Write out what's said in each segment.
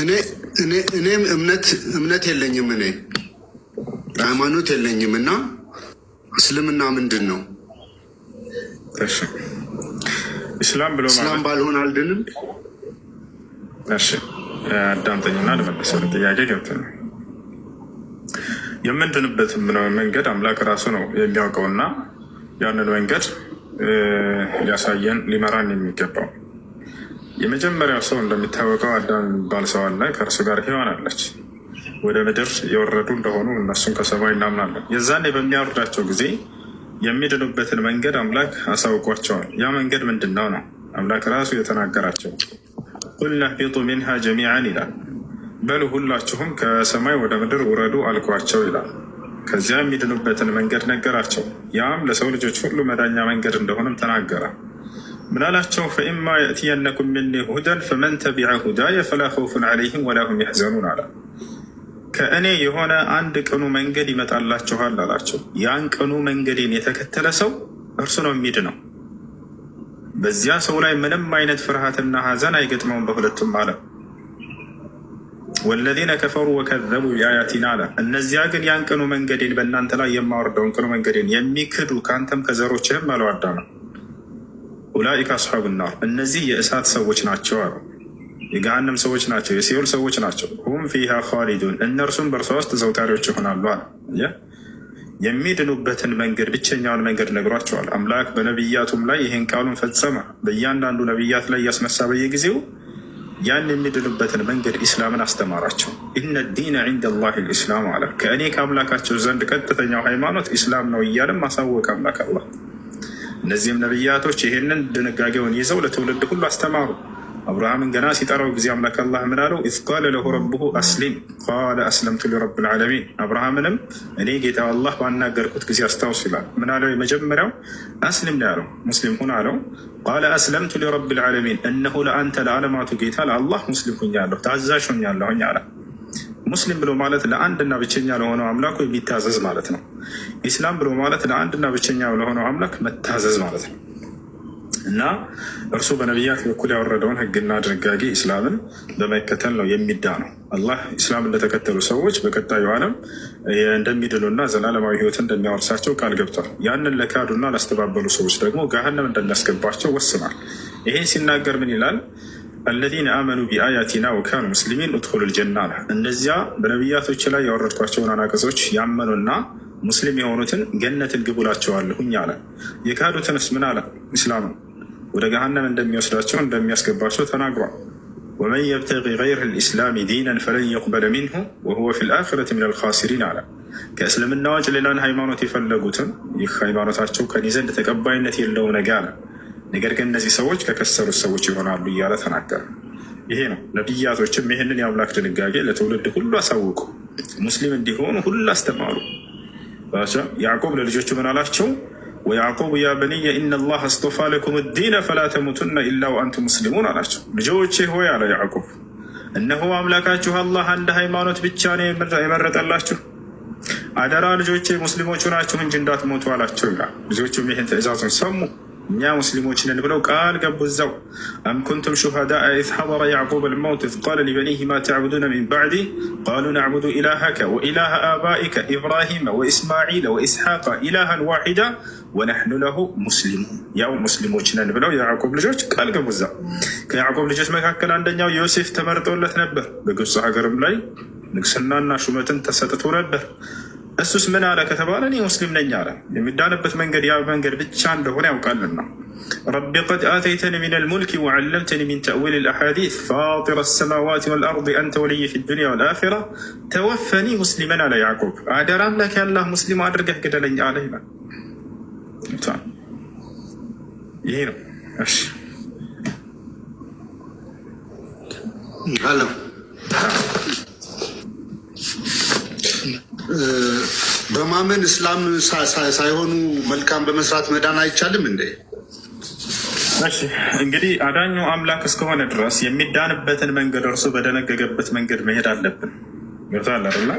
እኔም እምነት የለኝም፣ እኔ ሃይማኖት የለኝም እና እስልምና ምንድን ነው? እስላም ብሎ እስላም ባልሆን አልድንም። እሺ አዳምጠኝና ልመለሰልህ ጥያቄ ገብት ነው የምንድንበት መንገድ አምላክ ራሱ ነው የሚያውቀውና ያንን መንገድ ሊያሳየን ሊመራን የሚገባው የመጀመሪያው ሰው እንደሚታወቀው አዳም የሚባል ሰው አለ። ከእርሱ ጋር ሔዋን አለች። ወደ ምድር የወረዱ እንደሆኑ እነሱን ከሰማይ እናምናለን። የዛኔ በሚያወርዳቸው ጊዜ የሚድኑበትን መንገድ አምላክ አሳውቋቸዋል። ያ መንገድ ምንድን ነው ነው አምላክ ራሱ የተናገራቸው ቁል ነህቢጡ ሚንሃ ጀሚዓን ይላል። በሉ ሁላችሁም ከሰማይ ወደ ምድር ውረዱ አልኳቸው ይላል። ከዚያ የሚድኑበትን መንገድ ነገራቸው። ያም ለሰው ልጆች ሁሉ መዳኛ መንገድ እንደሆነም ተናገረ። ምናላቸው ፈኢማ የእትየነኩም ምኒ ሁደን ፈመን ተቢዐ ሁዳየ ፈላ ኸውፉን ዐለይሂም ወላሁም የሕዘኑን አላ ከእኔ የሆነ አንድ ቅኑ መንገድ ይመጣላችኋል አላቸው። ያን ቅኑ መንገዴን የተከተለ ሰው እርሱ ነው የሚድ ነው። በዚያ ሰው ላይ ምንም አይነት ፍርሃትና ሐዘን አይገጥመውም በሁለቱም አለ። ወለዚነ ከፈሩ ወከዘቡ ቢአያቲና አለ እነዚያ ግን ያን ቅኑ መንገዴን በእናንተ ላይ የማወርደውን ቅኑ መንገዴን የሚክዱ ከአንተም ከዘሮችህም አለዋዳ ነው ኡላኢከ አስሓቡ ናር እነዚህ የእሳት ሰዎች ናቸው አሉ። የገሃነም ሰዎች ናቸው፣ የሲኦል ሰዎች ናቸው። ሁም ፊሃ ኻሊዱን እነርሱም በእርሷ ውስጥ ዘውታሪዎች ይሆናሉ አለ። የሚድኑበትን መንገድ ብቸኛውን መንገድ ነግሯቸዋል። አምላክ በነቢያቱም ላይ ይህን ቃሉን ፈጸመ። በእያንዳንዱ ነቢያት ላይ እያስነሳ በየጊዜው ያን የሚድኑበትን መንገድ ኢስላምን አስተማራቸው። ኢነ ዲነ ዒንደ ላህ ልእስላም አለ። ከእኔ ከአምላካቸው ዘንድ ቀጥተኛው ሃይማኖት ኢስላም ነው እያለም ማሳወቅ አምላክ አላ እነዚህም ነቢያቶች ይህንን ድንጋጌውን ይዘው ለትውልድ ሁሉ አስተማሩ። አብርሃምን ገና ሲጠራው ጊዜ አምላክ አላህ ምን አለው? ኢዝ ቃለ ለሁ ረብሁ አስሊም ቃለ አስለምቱ ሊረብ ልዓለሚን። አብርሃምንም እኔ ጌታ አላህ ባናገርኩት ጊዜ አስታውስ ይላል። ምን አለው? የመጀመሪያው አስሊም ነው ያለው፣ ሙስሊም ሁን አለው። ቃለ አስለምቱ ሊረብ ልዓለሚን፣ እነሆ ለአንተ ለዓለማቱ ጌታ ለአላህ ሙስሊም ሁኛለሁ፣ ታዛዥ ሁኛለሁ አለ ሙስሊም ብሎ ማለት ለአንድና ብቸኛ ለሆነው አምላኩ የሚታዘዝ ማለት ነው። ኢስላም ብሎ ማለት ለአንድና ብቸኛ ለሆነው አምላክ መታዘዝ ማለት ነው እና እርሱ በነቢያት በኩል ያወረደውን ሕግና ድንጋጌ ኢስላምን በመከተል ነው የሚዳ ነው። አላህ ኢስላም እንደተከተሉ ሰዎች በቀጣዩ ዓለም እንደሚድኑና ዘላለማዊ ሕይወት እንደሚያወርሳቸው ቃል ገብቷል። ያንን ለካዱና ላስተባበሉ ሰዎች ደግሞ ገሃነም እንደሚያስገባቸው ወስኗል። ይሄን ሲናገር ምን ይላል? አለዚነ አመኑ ቢአያቲና ወካኑ ሙስሊሚን እድኹሉል ልጀና አለ። እነዚያ በነቢያቶች ላይ ያወረድኳቸውን አናቀጾች ያመኑና ሙስሊም የሆኑትን ገነትን ግቡ እላቸዋለሁኝ አለ። የካዱትንስ ምን አለ? ኢስላም ወደ ገሃነም እንደሚወስዳቸው እንደሚያስገባቸው ተናግሯል። ወመን የብተጊ ገይረ ልእስላሚ ዲነን ፈለን የቅበለ ሚንሁ ወሁወ ፊ ልአኽረት ምን ልኻሲሪን አለ። ከእስልምና ውጭ ሌላን ሃይማኖት የፈለጉትን ይህ ሃይማኖታቸው ከኔ ዘንድ ተቀባይነት የለውም ነገ አለ ነገር ግን እነዚህ ሰዎች ከከሰሩት ሰዎች ይሆናሉ እያለ ተናገረ። ይሄ ነው ነቢያቶችም ይህንን የአምላክ ድንጋጌ ለትውልድ ሁሉ አሳውቁ፣ ሙስሊም እንዲሆኑ ሁሉ አስተማሩ። ያዕቆብ ለልጆቹ ምን አላቸው? ወያዕቆብ ያ በንየ ኢና ላህ አስጦፋ ለኩም ዲነ ፈላ ተሙቱና ኢላ ወአንቱ ሙስሊሙን አላቸው። ልጆቼ ሆይ አለ ያዕቆብ፣ እነሆ አምላካችሁ አላህ አንድ ሃይማኖት ብቻ ነው የመረጠላችሁ። አደራ ልጆቼ ሙስሊሞቹ ናችሁ እንጂ እንዳትሞቱ አላቸው ይላል። ልጆቹም ይህን ትእዛዙን ሰሙ። እኛ ሙስሊሞች ነን ብለው ቃል ገቡ። እዛው አም ኩንቱም ሹሃዳ ኢዝ ሐደረ ያዕቁብ አልመውት ኢዝ ቃለ ሊበኒህ ማ ተዕቡዱነ ሚን ባዕዲ ቃሉ ነዕቡዱ ኢላሃከ ወኢላሃ አባኢከ ኢብራሂመ ወኢስማዒለ ወኢስሓቀ ኢላሃን ዋሒዳ ወነሕኑ ለሁ ሙስሊሙን። ያው ሙስሊሞች ነን ብለው የያዕቁብ ልጆች ቃል ገቡ። እዛው ከያዕቁብ ልጆች መካከል አንደኛው ዮሴፍ ተመርጦለት ነበር። በግብፅ ሀገርም ላይ ንግስናና ሹመትን ተሰጥቶ ነበር። እሱስ ምን አለ ከተባለ እኔ ሙስሊም ነኝ አለ። የሚዳንበት መንገድ ያ መንገድ ብቻ እንደሆነ ያውቃልና ረቢ ቀድ አተይተኒ ሚን ልሙልክ ወዓለምተኒ ሚን ተእዊል ልአሓዲስ ፋጢር ሰማዋት ወልአርድ አንተ ወልይ ፊ ዱንያ ወልአራ ተወፈኒ ሙስሊመን አለ ያዕቁብ። አደራ አምላክ ያላህ ሙስሊም አድርገህ ግደለኝ አለ ይላል። ይሄ ነው እሺ አለው በማመን እስላም ሳይሆኑ መልካም በመስራት መዳን አይቻልም እንዴ? እሺ እንግዲህ አዳኙ አምላክ እስከሆነ ድረስ የሚዳንበትን መንገድ እርሱ በደነገገበት መንገድ መሄድ አለብን። ገብቶሃል አይደል?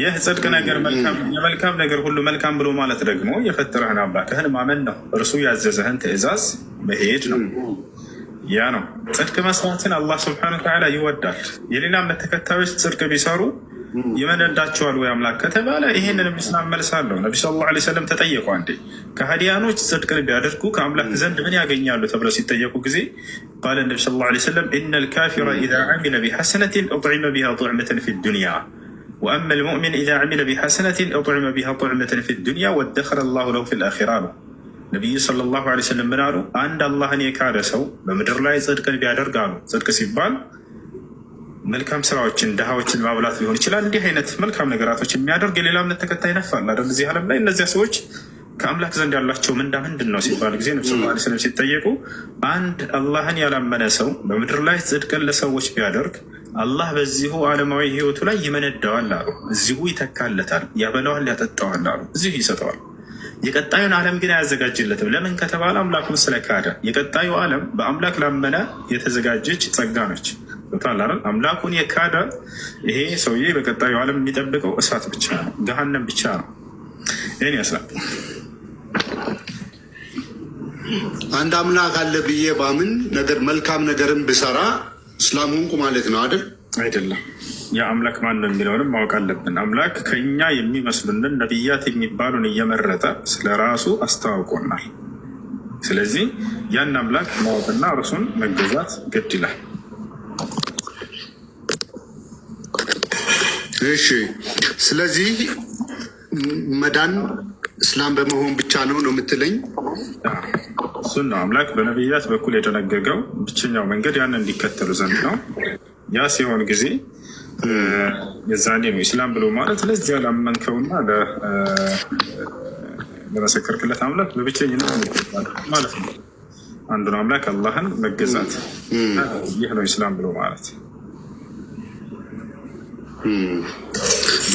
ይህ ጽድቅ ነገር የመልካም ነገር ሁሉ መልካም ብሎ ማለት ደግሞ የፈጠረህን አምላክህን ማመን ነው። እርሱ ያዘዘህን ትዕዛዝ መሄድ ነው። ያ ነው ጽድቅ መስራትን አላህ ስብሐነ ወተዓላ ይወዳል። የሌላ እምነት ተከታዮች ጽድቅ ቢሰሩ ይመነዳቸዋል ወይ አምላክ ከተባለ ይህንንም ምስና መልሳለሁ። ነቢ ሰለላሁ ዓለይሂ ወሰለም ተጠየቁ አንዴ ከሀዲያኖች ጽድቅን ቢያደርጉ ከአምላክ ዘንድ ምን ያገኛሉ ተብለው ሲጠየቁ ጊዜ ቃለ ነቢ ሰለላሁ ዓለይሂ ወሰለም ኢነ ልካፊረ ኢዛ ዓሚለ ቢሐሰነትን ኡጥዒመ ቢሃ ጡዕመተን ፊ ዱንያ ወአመ ልሙእሚን ኢዛ ዓሚለ ቢሐሰነትን ኡጥዒመ ቢሃ ጡዕመተን ፊ ዱንያ ወደኸለ ላሁ ለሁ ፊ ልአኺራ ነው ነቢይ ሰለላሁ ዐለይሂ ወሰለም ምን አሉ? አንድ አላህን የካደ ሰው በምድር ላይ ጽድቅን ቢያደርግ አሉ። ጽድቅ ሲባል መልካም ስራዎችን ድሃዎችን ማብላት ሊሆን ይችላል። እንዲህ አይነት መልካም ነገራቶች የሚያደርግ የሌላ እምነት ተከታይ ነፋል አይደል? እዚህ ዓለም ላይ እነዚያ ሰዎች ከአምላክ ዘንድ ያላቸው ምንዳ ምንድን ነው ሲባል ጊዜ ነብ ስ ስለም ሲጠየቁ አንድ አላህን ያላመነ ሰው በምድር ላይ ጽድቅን ለሰዎች ቢያደርግ አላህ በዚሁ ዓለማዊ ህይወቱ ላይ ይመነደዋል አሉ። እዚሁ ይተካለታል፣ ያበላዋል፣ ያጠጣዋል አሉ። እዚሁ ይሰጠዋል። የቀጣዩን ዓለም ግን አያዘጋጅለትም። ለምን ከተባለ አምላኩን ስለካደ። የቀጣዩ ዓለም በአምላክ ላመነ የተዘጋጀች ጸጋ ነች። ታላረ አምላኩን የካደ ይሄ ሰውዬ በቀጣዩ ዓለም የሚጠብቀው እሳት ብቻ ነው፣ ገሃነም ብቻ ነው። ይህን ያስላል። አንድ አምላክ አለ ብዬ ባምን ነገር መልካም ነገርን ብሰራ እስላም ሆንኩ ማለት ነው አይደል? አይደለም የአምላክ ማን ነው የሚለውንም ማወቅ አለብን። አምላክ ከኛ የሚመስሉንን ነቢያት የሚባሉን እየመረጠ ስለ ራሱ አስተዋውቆናል። ስለዚህ ያን አምላክ ማወቅና እርሱን መገዛት ግድ ይላል። እሺ፣ ስለዚህ መዳን እስላም በመሆን ብቻ ነው ነው የምትለኝ? እሱን ነው አምላክ በነቢያት በኩል የደነገገው ብቸኛው መንገድ ያን እንዲከተሉ ዘንድ ነው። ያ ሲሆን ጊዜ የዛኔ ነው ኢስላም ብሎ ማለት ለዚያ ላመንከውና ለመሰከርክለት አምላክ በብቸኝነት ማለት ነው። አንዱን አምላክ አላህን መገዛት ይህ ነው ኢስላም ብሎ ማለት።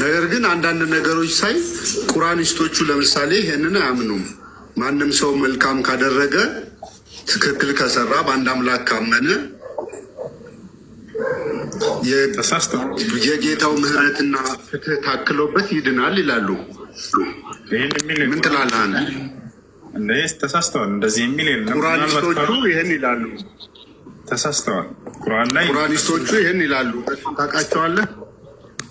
ነገር ግን አንዳንድ ነገሮች ሳይ ቁራኒስቶቹ ለምሳሌ ይህንን አያምኑም። ማንም ሰው መልካም ካደረገ ትክክል ከሰራ በአንድ አምላክ ካመነ የተሳስተ የጌታው ምህረትና ፍትህ ታክሎበት ይድናል ይላሉ። ምን ትላለህ አንተ? ተሳስተዋል። እንደዚህ የሚል የለም። ቁራኒስቶቹ ይህን ይላሉ። ተሳስተዋል። ቁርአን ላይ ቁራኒስቶቹ ይህን ይላሉ። ታውቃቸዋለህ?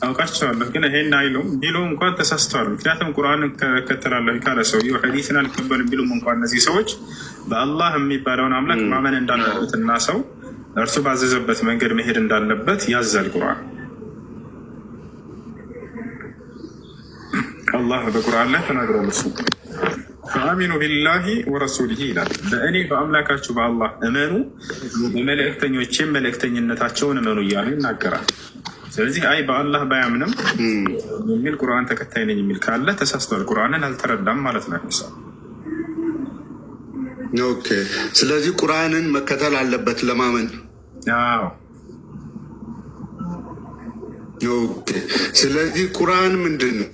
አውቃቸዋለሁ ግን ይሄን አይሉም። ቢሉም እንኳን ተሳስተዋል። ምክንያቱም ቁርአን እከተላለሁ ካለ ሰው ሰውዬው ሐዲስን አልቀበልም ቢሉም እንኳን እነዚህ ሰዎች በአላህ የሚባለውን አምላክ ማመን እንዳለበትና ሰው እርሱ ባዘዘበት መንገድ መሄድ እንዳለበት ያዛል ቁርአን። አላህ በቁርአን ላይ ተናግሯል። እሱ ፈአሚኑ ቢላሂ ወረሱሊሂ ይላል። በእኔ በአምላካችሁ በአላህ እመኑ፣ በመልእክተኞቼም መልእክተኝነታቸውን እመኑ እያሉ ይናገራል። ስለዚህ አይ በአላህ ባያምንም የሚል ቁርአን ተከታይ ነኝ የሚል ካለ ተሳስቷል። ቁርአንን አልተረዳም ማለት ነው። ኦኬ። ስለዚህ ቁርአንን መከተል አለበት ለማመን ስለዚህ ቁርአን ምንድን ነው?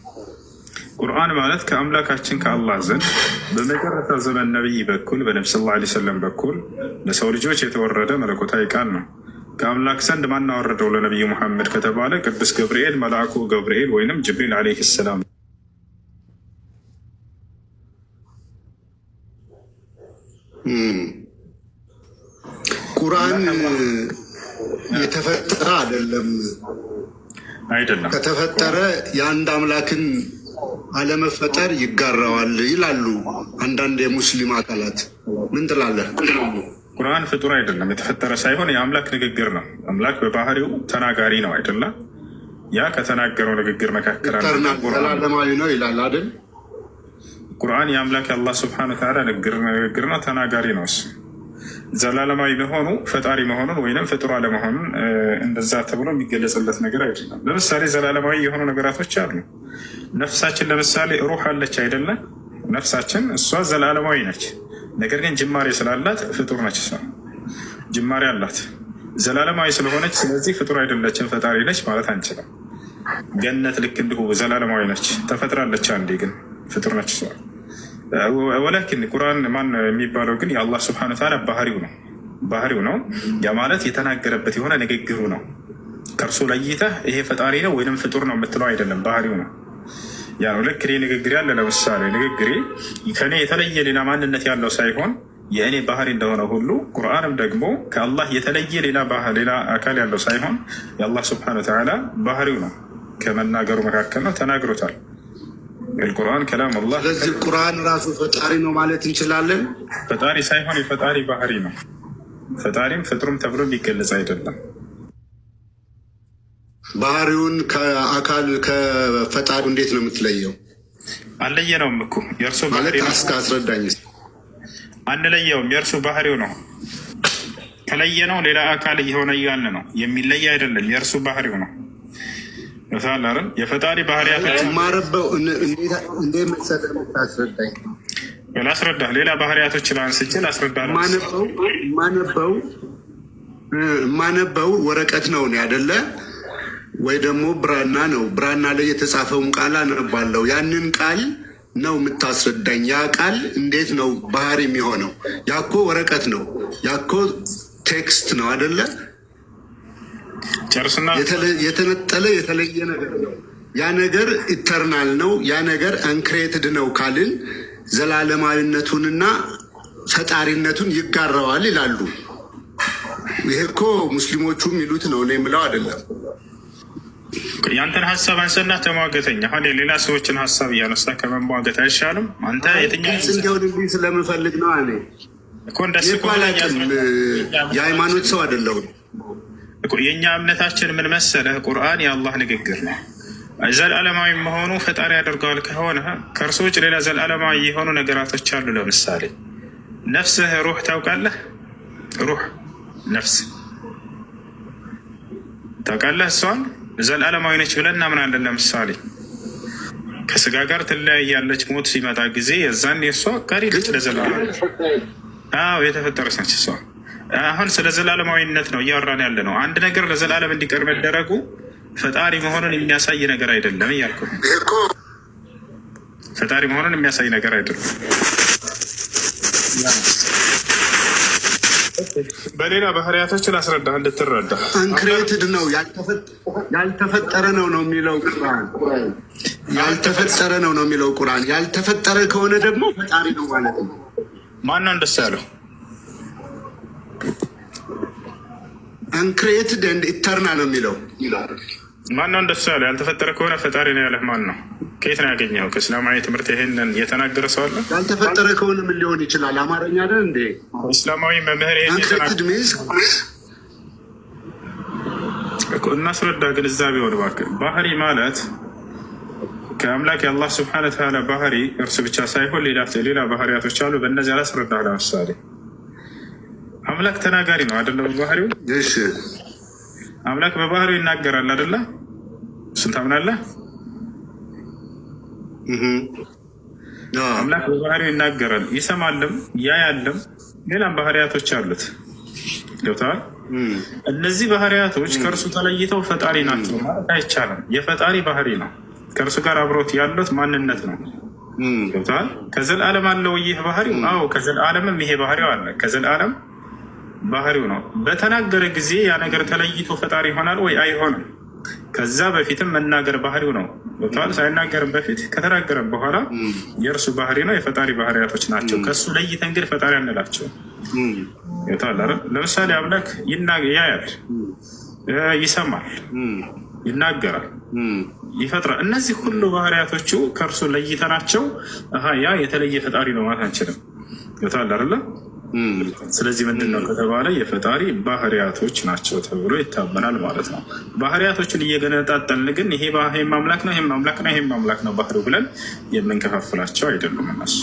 ቁርአን ማለት ከአምላካችን ከአላህ ዘንድ በመጨረሻ ዘመን ነቢይ በኩል በነቢ ስ ላ ሰለም በኩል ለሰው ልጆች የተወረደ መለኮታዊ ቃል ነው። ከአምላክ ዘንድ ማናወረደው ለነቢዩ ሙሐመድ ከተባለ ቅዱስ ገብርኤል መልአኩ ገብርኤል ወይንም ጅብሪል ዓለይሂ ሰላም ነው። ቁርአን የተፈጠረ አይደለም። አይደለም ከተፈጠረ የአንድ አምላክን አለመፈጠር ይጋራዋል ይላሉ አንዳንድ የሙስሊም አካላት። ምን ትላለህ? ቁርአን ፍጡር አይደለም፣ የተፈጠረ ሳይሆን የአምላክ ንግግር ነው። አምላክ በባህሪው ተናጋሪ ነው አይደለ? ያ ከተናገረው ንግግር መካከል ዘላለማዊ ነው ይላል አይደል? ቁርአን የአምላክ የአላህ ስብሐነ ወተዓላ ንግግር ነው፣ ተናጋሪ ነው እሱ ዘላለማዊ መሆኑ ፈጣሪ መሆኑን ወይም ፍጡር አለመሆኑን እንደዛ ተብሎ የሚገለጽለት ነገር አይደለም። ለምሳሌ ዘላለማዊ የሆኑ ነገራቶች አሉ። ነፍሳችን ለምሳሌ ሩህ አለች አይደለም? ነፍሳችን እሷ ዘላለማዊ ነች። ነገር ግን ጅማሬ ስላላት ፍጡር ነች። እሷ ጅማሬ አላት ዘላለማዊ ስለሆነች፣ ስለዚህ ፍጡር አይደለችም፣ ፈጣሪ ነች ማለት አንችልም። ገነት ልክ እንዲሁ ዘላለማዊ ነች፣ ተፈጥራለች። አንዴ ግን ፍጡር ነች እሷ ወላኪን ቁርአን ማን የሚባለው ግን የአላህ ስብሐነ ወተዓላ ባህሪው ነው ባህሪው ነው። ያ ማለት የተናገረበት የሆነ ንግግሩ ነው። ከእርሱ ለይተህ ይሄ ፈጣሪ ነው ወይም ፍጡር ነው የምትለው አይደለም፣ ባህሪው ነው። ያ ነው ልክ እኔ ያለ ለምሳሌ ንግግሬ ከእኔ የተለየ ሌላ ማንነት ያለው ሳይሆን የእኔ ባህሪ እንደሆነ ሁሉ ቁርአንም ደግሞ ከአላህ የተለየ ሌላ አካል ያለው ሳይሆን የአላህ ስብሐነ ወተዓላ ባህሪው ነው። ከመናገሩ መካከል ነው፣ ተናግሮታል። ቁርአን ከላም አላህ። ስለዚህ ቁርአን ራሱ ፈጣሪ ነው ማለት እንችላለን። ፈጣሪ ሳይሆን የፈጣሪ ባህሪ ነው። ፈጣሪም ፍጥሩም ተብሎ ሊገለጽ አይደለም። ባህሪውን ከአካል ከፈጣሪ እንዴት ነው የምትለየው? አለየነውም እኮ የእርሱ ማለት እስከ አስረዳኝ። አንለየውም፣ የእርሱ ባህሪው ነው። ከለየ ነው ሌላ አካል እየሆነ እያለ ነው የሚለየ አይደለም፣ የእርሱ ባህሪው ነው። ሳላርን የፈጣሪ ባህሪያቶች ማረበው እንዴት መሰለህ የምታስረዳኝ ላስረዳህ፣ ሌላ ባህሪያቶችን አንስቼ ላስረዳህ። ማነበው ማነበው ወረቀት ነው እኔ አይደለ ወይ ደግሞ ብራና ነው። ብራና ላይ የተጻፈውን ቃል አነባለሁ። ያንን ቃል ነው የምታስረዳኝ። ያ ቃል እንዴት ነው ባህሪ የሚሆነው? ያኮ ወረቀት ነው፣ ያኮ ቴክስት ነው አይደለ ጨርስና የተነጠለ የተለየ ነገር ነው። ያ ነገር ኢተርናል ነው። ያ ነገር አንክሬትድ ነው ካልን ዘላለማዊነቱንና ፈጣሪነቱን ይጋራዋል ይላሉ። ይሄ እኮ ሙስሊሞቹ የሚሉት ነው፣ እኔ የምለው አይደለም። ያንተን ሀሳብ አንሰና ተሟገተኝ። አሁን የሌላ ሰዎችን ሀሳብ እያነሳ ከመሟገት አይሻልም? አንተ የትኛውስ እንዲሆንልኝ ስለምፈልግ ነው እኔ እኮ እንደስ የሃይማኖት ሰው አይደለሁም። የእኛ እምነታችን ምን መሰለህ? ቁርአን የአላህ ንግግር ነው። ዘላለማዊ መሆኑ ፈጣሪ ያደርገዋል ከሆነ ከእርሱ ውጭ ሌላ ዘላለማዊ የሆኑ ነገራቶች አሉ። ለምሳሌ ነፍስህ ሩህ ታውቃለህ? ሩህ ነፍስ ታውቃለህ? እሷን ዘላለማዊ ነች ብለን እናምናለን። ለምሳሌ ከስጋ ጋር ትለያያለች። ሞት ሲመጣ ጊዜ የዛን የእሷ ቀሪ ልጅ ለዘላለም የተፈጠረች ነች እሷን አሁን ስለ ዘላለማዊነት ነው እያወራን ያለ ነው። አንድ ነገር ለዘላለም እንዲቀር መደረጉ ፈጣሪ መሆኑን የሚያሳይ ነገር አይደለም እያልኩ ፈጣሪ መሆኑን የሚያሳይ ነገር አይደለም። በሌላ ባህሪያቶችን አስረዳ እንድትረዳ አንክሬትድ ነው ያልተፈጠረ ነው ነው የሚለው ቁርአን ያልተፈጠረ ነው ነው የሚለው ቁርአን ያልተፈጠረ ከሆነ ደግሞ ፈጣሪ ነው ማለት ነው። ማን ነው እንደሱ ያለው? አንክሬትድ ኤንድ ኢተርናል ነው የሚለው። ማነው እንደሱ ያለ? ያልተፈጠረ ከሆነ ፈጣሪ ነው ያለህ ማን ነው? ከየት ነው ያገኘው? ከእስላማዊ ትምህርት ይሄንን የተናገረ ሰው አለ? ያልተፈጠረ ከሆነ ምን ሊሆን ይችላል? አማርኛ አይደል እንዴ? እስላማዊ መምህር አንክሬትድ እናስረዳ፣ ግንዛቤ ሆነ እባክህ። ባህሪ ማለት ከአምላክ የአላህ ስብሐነ ወተዓላ ባህሪ እርሱ ብቻ ሳይሆን ሌላ ባህሪያቶች አሉ። በእነዚህ አላስረዳ ለምሳሌ አምላክ ተናጋሪ ነው አደለ? በባህሪው አምላክ በባህሪው ይናገራል አደለ? እሱን ታምናለህ? አምላክ በባህሪው ይናገራል፣ ይሰማልም፣ ያያልም ሌላም ባህሪያቶች አሉት። ገብተዋል። እነዚህ ባህሪያቶች ከእርሱ ተለይተው ፈጣሪ ናቸው ማለት አይቻልም። የፈጣሪ ባህሪ ነው። ከእርሱ ጋር አብሮት ያሉት ማንነት ነው። ገብተዋል። አለም አለው ይህ ባህሪው? አዎ ከዘልዓለምም ይሄ ባህሪው አለ ከዘልዓለም ባህሪው ነው። በተናገረ ጊዜ ያ ነገር ተለይቶ ፈጣሪ ይሆናል ወይ? አይሆንም። ከዛ በፊትም መናገር ባህሪው ነው። ቦታል ሳይናገርም በፊት ከተናገረም በኋላ የእርሱ ባህሪ ነው፣ የፈጣሪ ባህሪያቶች ናቸው። ከእሱ ለይተ እንግዲህ ፈጣሪ አንላቸው። ለምሳሌ አምላክ ያያል፣ ይሰማል፣ ይናገራል፣ ይፈጥራል። እነዚህ ሁሉ ባህሪያቶቹ ከእርሱ ለይተናቸው ያ የተለየ ፈጣሪ ነው ማለት አንችልም። ይወታል አይደለም ስለዚህ ምንድን ነው ከተባለ የፈጣሪ ባህሪያቶች ናቸው ተብሎ ይታመናል ማለት ነው። ባህሪያቶችን እየገነጣጠልን ግን ይሄ ይሄም አምላክ ነው፣ ይሄም አምላክ ነው፣ ይሄም አምላክ ነው ባህሪው ብለን የምንከፋፍላቸው አይደሉም እነሱ።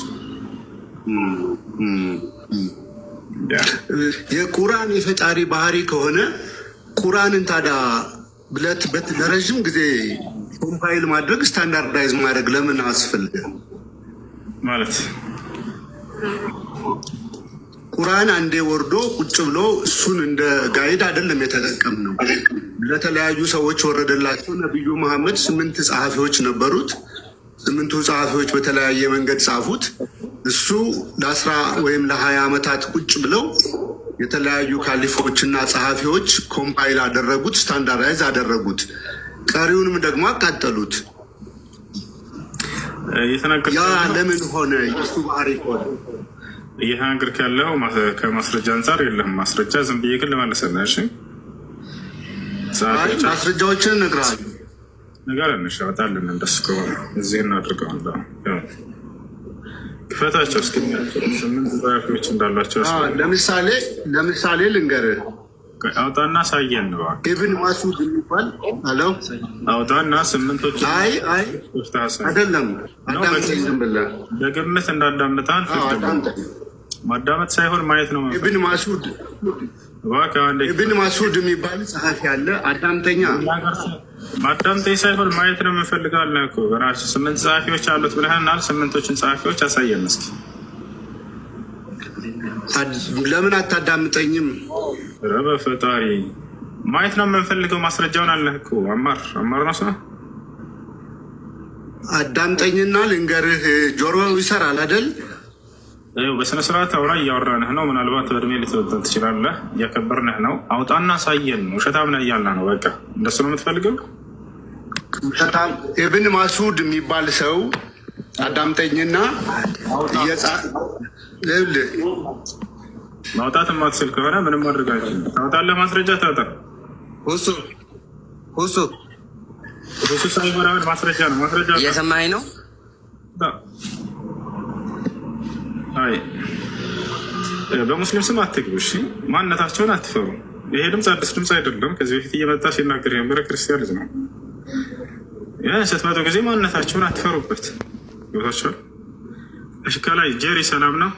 የቁርአን የፈጣሪ ባህሪ ከሆነ ቁርአንን ታዲያ ብለት ለረዥም ጊዜ ኮምፓይል ማድረግ ስታንዳርዳይዝ ማድረግ ለምን አስፈልገ ማለት ቁርአን አንዴ ወርዶ ቁጭ ብሎ እሱን እንደ ጋይድ አይደለም የተጠቀም ነው። ለተለያዩ ሰዎች ወረደላቸው። ነቢዩ መሐመድ ስምንት ጸሐፊዎች ነበሩት። ስምንቱ ጸሐፊዎች በተለያየ መንገድ ጻፉት። እሱ ለአስራ ወይም ለሀያ ዓመታት ቁጭ ብለው የተለያዩ ካሊፎችና ጸሐፊዎች ኮምፓይል አደረጉት፣ ስታንዳርዳይዝ አደረጉት። ቀሪውንም ደግሞ አቃጠሉት። ያ ለምን ሆነ? የሱ ባህሪ ሆነ ይህ ሀገር ያለው ከማስረጃ አንጻር የለም። ማስረጃ ዝም ብዬ ግን ልመለሰልህ። ማስረጃዎችን እነግርሃለሁ። ነገር እሺ አውጣልን። እንደሱ ከሆነ እዚህ እናድርገው። ክፈታቸው እስኪሚያቸው ስምንት ጸሐፊዎች እንዳሏቸው ለምሳሌ ለምሳሌ ልንገር አውጣና ሳየን ነው ኢብን ማሱድ የሚባል አለው። አውጣና ስምንቶች አይ አይ አይደለም፣ አዳምጠኝ ዝም ብለህ በግምት እንዳዳምጣን ማዳመጥ ሳይሆን ማየት ነው። ኢብን ማሱድ ኢብን ማሱድ የሚባል ጸሐፊ አለ። አዳምተኛ ማዳምጠኝ ሳይሆን ማየት ነው የምንፈልጋል። እኮ በራሱ ስምንት ጸሐፊዎች አሉት ብለህናል። ስምንቶችን ጸሐፊዎች አሳየን እስኪ። ለምን አታዳምጠኝም? ረበ ፈጣሪ ማየት ነው የምንፈልገው። ማስረጃውን አለህ እኮ አማር አማር ነው ሰው አዳምጠኝና ልንገርህ፣ ጆሮ ይሰራል አይደል? በስነ ስርዓት አውራ፣ እያወራንህ ነው። ምናልባት በእድሜ ልትበልጠን ትችላለህ። እያከበርንህ ነው። አውጣና ሳየን። ውሸታም ነህ እያልን ነው። በቃ እንደሱ ነው የምትፈልገው። ኢብን ማሱድ የሚባል ሰው አዳምጠኝና ማውጣት ማትስል ከሆነ ምንም አድርጋ ታውጣለህ። ማስረጃ ታውጣ። ሁሱ ሁሱ ሁሱ ሳይበራል ማስረጃ ነው። ማስረጃ እየሰማኸኝ ነው አይ በሙስሊም ስም አትግቡ። እሺ ማንነታቸውን አትፈሩ። ይሄ ድምፅ አዲስ ድምፅ አይደለም። ከዚህ በፊት እየመጣ ሲናገር የነበረ ክርስቲያን ልጅ ነው። ስትመጡ ጊዜ ማንነታቸውን አትፈሩበት። ቦታቸዋል እሽከላይ ጀሪ ሰላም ነው